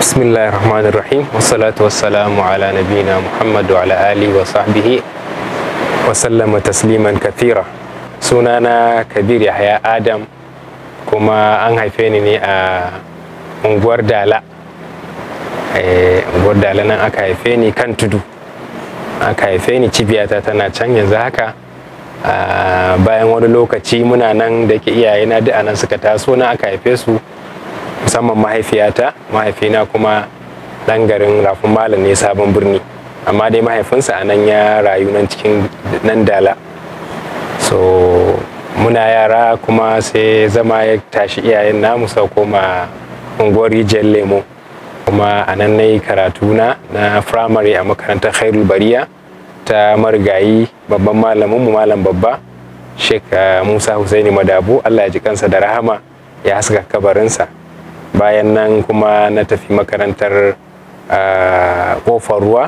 Bismillahi rahmanir rahim wassalatu wassalamu ala nabiyina muhammad wa ala alihi wa sahbihi wa sallama tasliman kathira sunana kabir yahya adam kuma an haife ni ne a unguwar dala eh, unguwar dala nan aka haife kan tudu aka haife cibiyata tana can yanzu haka ah, bayan wani lokaci muna nan da ke iyayena duk anan suka taso na aka haife su musamman mahaifiyata mahaifina kuma ɗan garin rafin malam ne sabon birni amma dai mahaifinsa a nan ya rayu nan cikin nan dala so muna yara kuma sai zama ya tashi iyayen namu sau koma unguwar rijiyar lemo kuma a nan na yi karatuna na firamare a makarantar khairul bariya ta marigayi babban malamin mu, malam babba sheik uh, musa husaini madabu allah ya ji kansa da rahama ya haska kabarinsa bayan nan kuma na tafi makarantar ah, kofar ruwa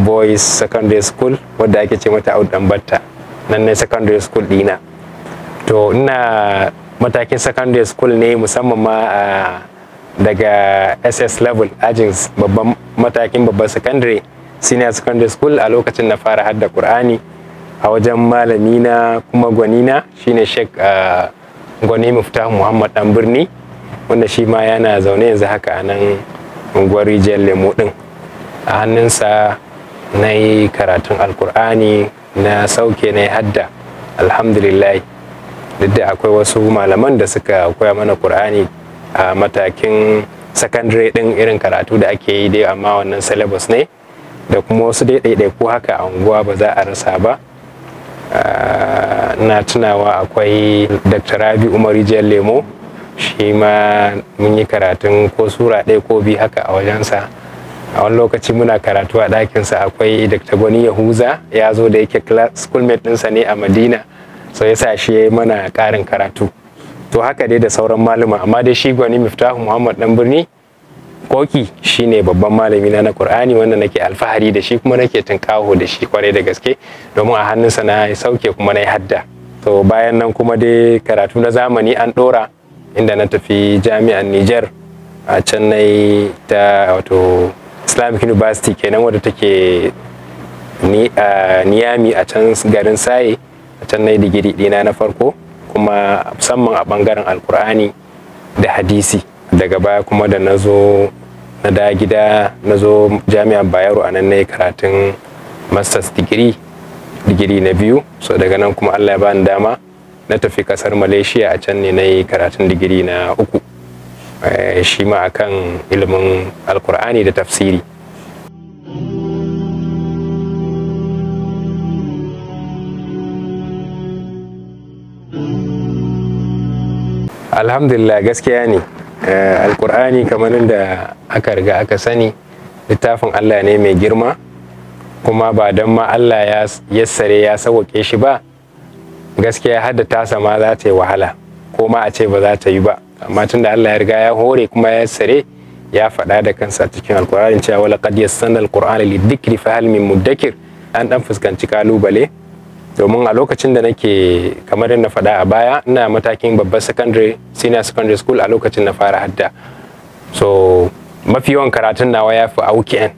boys secondary school wadda ake ce mata batta nan ne secondary school dina to ina matakin secondary school ne musamman ma ah, daga ss level agents babban matakin babban secondary senior secondary school a lokacin na fara hadda Kur'ani. a wajen malamina kuma gwanina shine sheik ah, gwani mufta muhammad dan birni wanda shi ma yana zaune yanzu haka a nan unguwar rijiyar lemo din a hannunsa na yi karatun alkur'ani na sauke na yi hadda alhamdulillah duk da akwai wasu malaman da suka koya mana kur'ani a matakin secondary din irin karatu da ake yi dai amma wannan syllabus ne da kuma wasu dai ko haka a unguwa ba za a rasa ba ah, na tunawa akwai dr rabi umar rijiyar lemo shi ma mun yi karatun ko sura ɗaya ko biyu haka a wajensa a wani lokaci muna karatu a ɗakinsa akwai dr gwani yahuza ya zo da yake schoolmate ɗinsa ne a madina so ya sa shi ya yi mana ƙarin karatu to haka dai da sauran malama amma dai shi gwani miftahu muhammad dan birni koki shine babban malami na na qur'ani wanda nake alfahari da shi kuma nake tunkaho da shi kwarai da gaske domin a hannunsa na sauke kuma na yi hadda to bayan nan kuma dai karatu na zamani an ɗora inda na tafi jami'an Nijar a can ta wato islamic university kenan wadda take niyami a can garin saye a can digiri ɗina na farko kuma musamman a bangaren alkur'ani da hadisi daga baya kuma da na zo na da gida na zo jami'an bayero a nan na karatun masters digiri digiri na biyu so daga nan kuma allah ya bani dama na tafi kasar malaysia a can ne na yi karatun digiri na uku eh, shi ma kan ilimin alkur'ani da tafsiri alhamdulillah gaskiya ne eh, alkur'ani kamar da aka riga aka sani littafin allah ne mai girma kuma ba don ma allah ya sare ya sauwaƙe shi ba gaskiya har da tasa ma za ta yi wahala ko ma a ce ba za ta yi ba amma tun da Allah ya riga ya hore kuma ya sare ya faɗa da kansa cikin alkur'ani cewa wala qad yassana alqur'ana lidhikri fa hal min mudakkir an dan fuskanci kalubale domin a lokacin da nake kamar yadda faɗa a baya ina matakin babbar secondary senior secondary school a lokacin na fara hadda so mafi yawan karatun nawa ya fi a weekend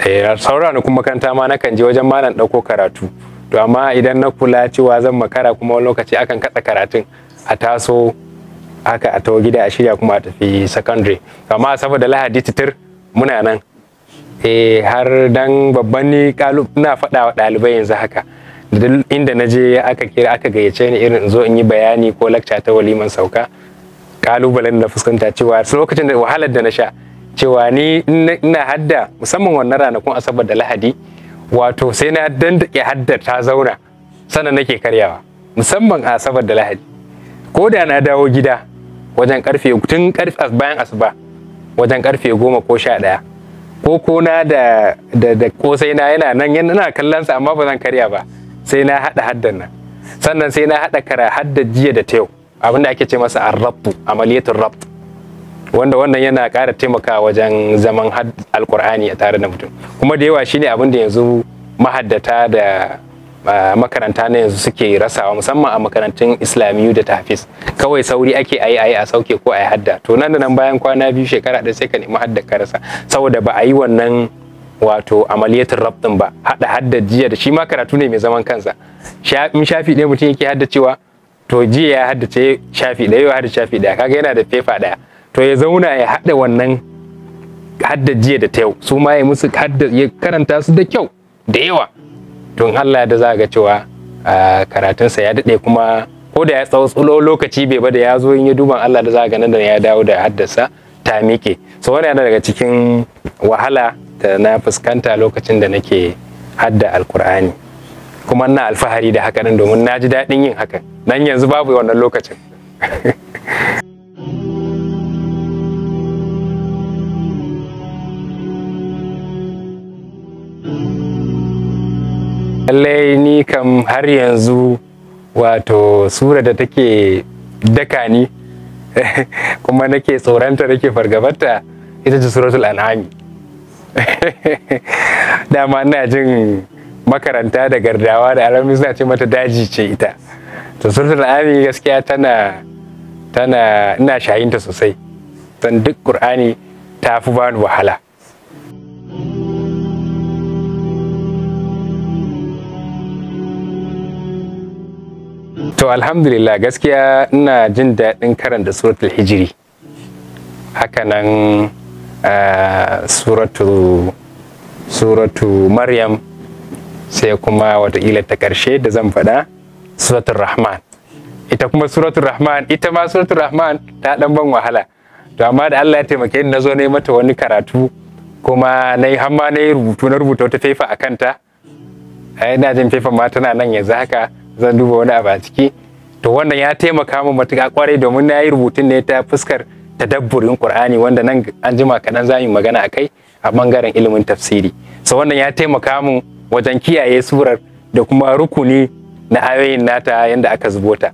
eh, sauran kuma makaranta ma nakan je wajen malam ɗauko karatu to amma idan na kula cewa zan makara kuma wani lokaci akan katsa karatun a taso haka a tawo gida a shirya kuma a tafi secondary amma saboda lahadi titir muna nan eh har dan babban ni kalub ina faɗa wa ɗalibai yanzu haka inda na je aka kira aka gayyace ni irin zo in yi bayani ko lakca ta waliman sauka kalubalen da fuskanta cewa lokacin da wahalar da na sha cewa ni ina hadda musamman wannan ranakun asabar da lahadi wato sai na dandake haddar ta zauna sannan nake karyawa musamman a asabar da lahadi ko da na dawo gida wajen karfe tun karfe bayan asuba wajen karfe goma ko sha ɗaya ko kona da da da na yana nan yana kallon sa amma ba zan karya ba sai na hada haddan nan sannan sai na haɗa kara hadda jiya da ta yau abinda ake ce masa arrabu amaliyatul rabu wanda wannan yana ƙara taimakawa wajen zaman alkur'ani a tare da mutum kuma da yawa shine abin da yanzu mahaddata da makaranta na yanzu suke rasawa musamman a makarantun islamiyu da tafis kawai sauri ake ayi ayi a sauke ko yi hadda to nan da nan bayan kwana biyu shekara da sai ka nemi hadda ka rasa saboda ba a yi wannan wato amaliyatin rabtin ba hada hadda jiya da shi ma karatu ne mai zaman kansa in shafi ɗaya mutum yake haddacewa to jiya ya haddace shafi ɗaya yau haddace shafi ɗaya kaga yana da fefa ɗaya to ya zauna ya haɗa wannan hadda jiya da ta yau su ma ya musu hadda ya karanta su da kyau da yawa don Allah da za ga cewa karatunsa ya daɗe kuma ko da ya tsawo lokaci bai ba da ya zo in ya duban Allah da za ga nan da ya dawo da haddasa ta miƙe so wani yana daga cikin wahala da na fuskanta lokacin da nake hadda alkur'ani kuma na alfahari da haka domin na ji daɗin yin haka nan yanzu babu wannan lokacin lallai ni kam har yanzu wato sura da take daka ni kuma nake tsoranta nake fargabarta ita ce suratul an'ami dama ina jin makaranta da gardawa da alamu suna ce mata daji ce ita to suratul an'ami gaskiya tana tana ina shayinta sosai dan duk qur'ani ta fi bani wahala To alhamdulillah gaskiya ina jin daɗin karanta suratul hijiri. Hakanan suratu suratu Maryam sai kuma ila ta ƙarshe da zan faɗa suratul Rahman. Ita kuma suratul Rahman ita ma suratul Rahman ta ɗan ban wahala. To amma da Allah ya taimake ni na zo ne mata wani karatu kuma na yi hamma na rubutu na rubuta wata fefa a kanta. Eh, ina jin faifa ma tana nan yanzu haka. zan duba wani abu a ciki to wannan ya taimaka min matuƙa kwarai domin na yi rubutun ne ta fuskar tadabburin Qur'ani wanda nan an jima kaɗan za mu magana akai a bangaren ilimin tafsiri so wannan ya taimaka mu wajen kiyaye surar da kuma rukuni na ayoyin nata yanda aka zubo ta.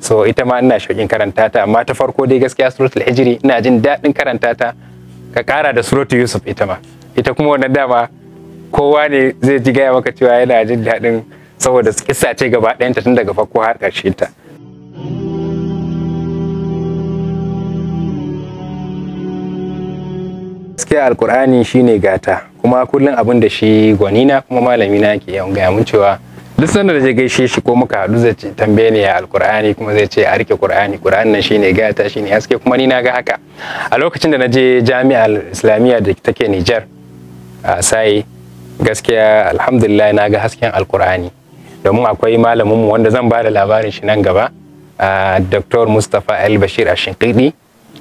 so ita ma ina shauƙin karanta ta amma ta farko dai gaskiya suratul hijri ina jin daɗin karanta ta ka ƙara da suratul yusuf ita ma ita kuma wannan dama kowa ne zai ji gaya maka cewa yana jin daɗin saboda kissa ce gaba ɗayanta tun daga farko har ƙarshe ta gaskiya shi ne gata kuma kullum abin da shi gwanina kuma malamina ke yawan gaya mun cewa duk sanda da gaishe shi ko muka haɗu zai tambaye ni ya alkur'ani kuma zai ce a rike qur'ani qur'ani nan ne gata shi ne haske kuma ni na ga haka a lokacin da na je jami'ar islamiyya da take Nijar a sai gaskiya alhamdulillah na ga hasken alkur'ani domin akwai malamin mu wanda zan ba da labarin shi nan gaba dr mustapha al bashir a shinkidi.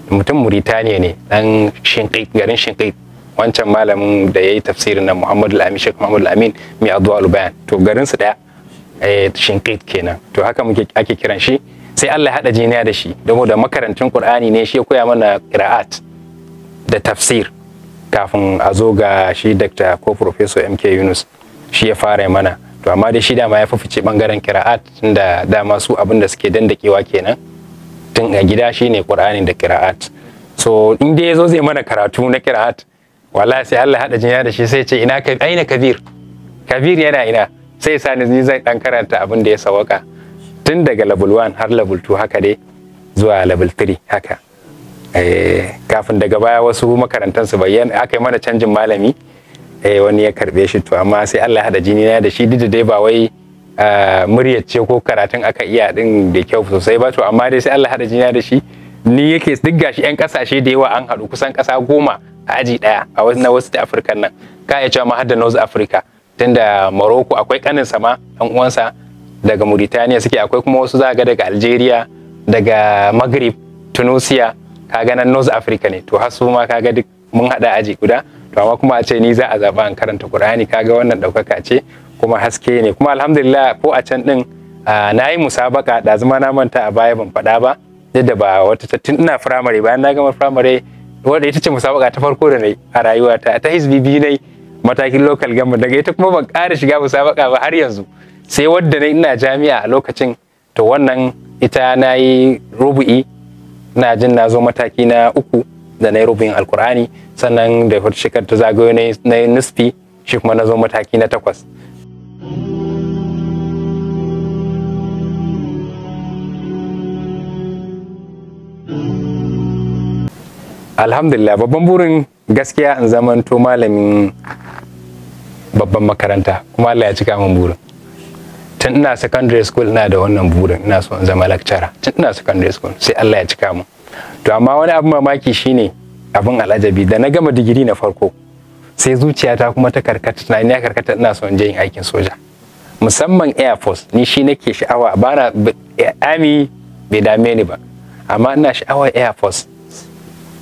mutum muritaniya ne dan Shinkidi garin Shinkidi wancan malamin da ya yi tafsirin na muhammadu al-amin shek muhammadu al-amin mai addu'a bayan to garinsu ɗaya eh, Shinkidi kenan to haka muke ake kiran shi sai Allah hada jiniya da shi domin da makarantun Kur'ani ne shi ya koya mana qira'at da tafsir kafin a zo ga shi Dr. ko professor MK Yunus shi ya fara mana to amma dai shi dama ya fice bangaren kira'at tunda dama su abin da suke dandakewa kenan tun a gida shine qur'ani da kira'at so in dai yazo zai mana karatu na kira'at wallahi sai Allah hada jinya da shi sai ce ina ka aina kabir kabir yana ina sai sani ni zan dan karanta abin da ya sawaka tun daga level 1 har level 2 haka dai zuwa level 3 haka eh, kafin daga baya wasu makarantar su bayyana aka yi mana canjin malami eh wani ya karbe shi to amma sai Allah hada jini na da shi duk da dai ba wai eh, muryar ce ko karatun aka iya din da kyau sosai ba to amma dai sai Allah hada jini na da shi ni yake duk gashi yan kasashe da yawa an haɗu kusan ƙasa goma a aji ɗaya a wasu na wasu da Afirka nan ka iya cewa ma har da North Africa tunda Morocco akwai ƙanin sama ɗan uwansa daga Mauritania suke akwai kuma wasu za ga daga Algeria daga Maghrib Tunisia ka kaga nan North Africa ne to har su ma kaga duk mun haɗa aji guda rawa kuma a ce ni za a zaɓi an karanta Qur'ani kaga wannan ɗaukaka ce kuma haske ne kuma alhamdulillah ko a can ɗin na yi musabaka da zama na manta a baya ban faɗa ba yadda ba wata tattun ina firamare bayan na gama firamare wadda ita ce musabaka ta farko da na a rayuwata ta hisbi biyu na matakin local gama daga ita kuma ban ƙara shiga musabaka ba har yanzu sai wadda na ina jami'a a lokacin to wannan ita na yi rubu'i na jin na zo mataki na uku da na rubin alkur'ani sannan da shekar ta zagayo na nisfi shi kuma na zo mataki na takwas alhamdulillah babban burin gaskiya in zamanto malamin babban makaranta kuma Allah ya cika min burin tun ina secondary school ina da wannan burin ina so in zama lecturer tun ina secondary school sai Allah ya cika min to amma wani abin mamaki shine abin al'ajabi da na gama digiri na farko sai zuciyata kuma ta karkata na ina karkata ina son je yin aikin soja musamman air force ni shi nake sha'awa na army bai dame ni ba amma ina sha'awar air force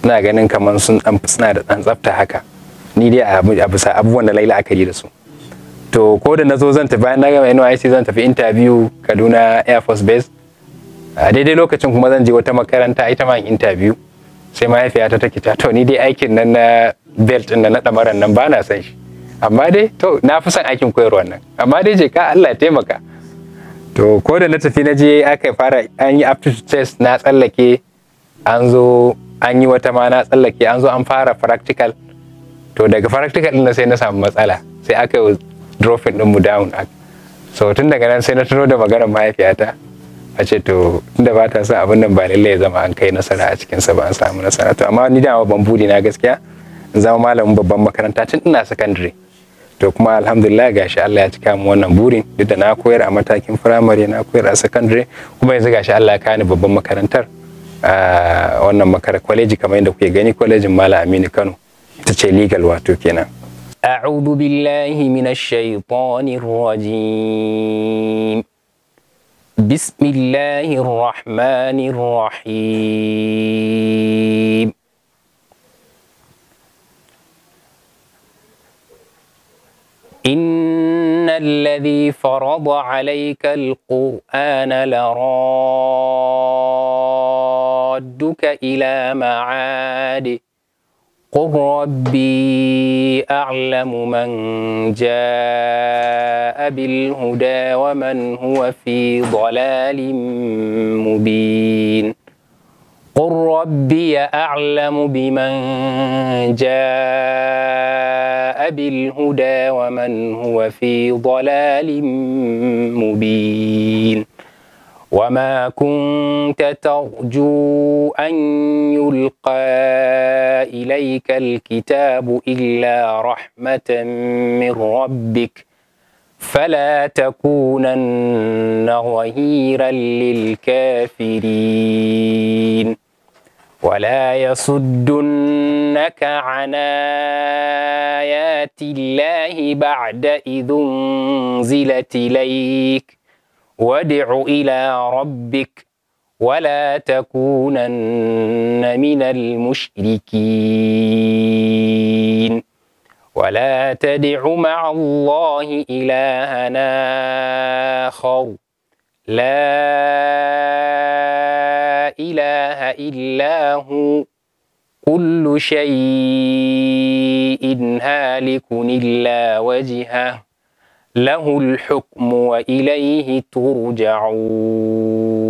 ina ganin kamar sun dan suna da dan tsafta haka ni dai a bisa abubuwan da laila aka yi da su to ko da nazo zan tafi bayan na gama NYC zan tafi interview Kaduna Air Force Base a daidai lokacin kuma zan je wata makaranta ita ma interview sai mahaifiyata take ta to ni dai aikin nan na belt din na damaran nan ba na san shi amma dai to na fi son aikin koyarwa nan amma dai je ka Allah ya taimaka to ko da na tafi na je aka fara an yi aptitude test na tsallake an zo an yi wata ma na tsallake an zo an fara practical to daga practical din sai na samu matsala sai aka yi dropping din mu down so tun daga nan sai na tuno da maganar mahaifiyata a ce to inda ba ta sa abin nan ba lalle ya zama an kai nasara a cikinsa ba an samu nasara to amma ni dama ban buri na gaskiya in zama malamin babban makaranta tun ina sakandare to kuma alhamdulillah gashi Allah ya cika mu wannan burin duk da na koyar a matakin firamare na koyar a sakandare kuma yanzu gashi Allah ya kawo ni babban makarantar a wannan makar kwaleji kamar yadda kuke gani kwalejin Malam Aminu Kano ita ce legal wato kenan أعوذ بالله من الشيطان الرجيم بسم الله الرحمن الرحيم إن الذي فرض عليك القرآن لرادك إلى معاده قل ربي أعلم من جاء بالهدى ومن هو في ضلال مبين قل ربي أعلم بمن جاء بالهدى ومن هو في ضلال مبين وما كنت ترجو أن يلقى إليك الكتاب إلا رحمة من ربك فلا تكونن ظهيرا للكافرين ولا يصدنك عن آيات الله بعد إذ انزلت إليك وادع إلى ربك ولا تكونن من المشركين ولا تدع مع الله إلهنا آخر لا إله إلا هو كل شيء هالك إلا وجهه له الحكم وإليه ترجعون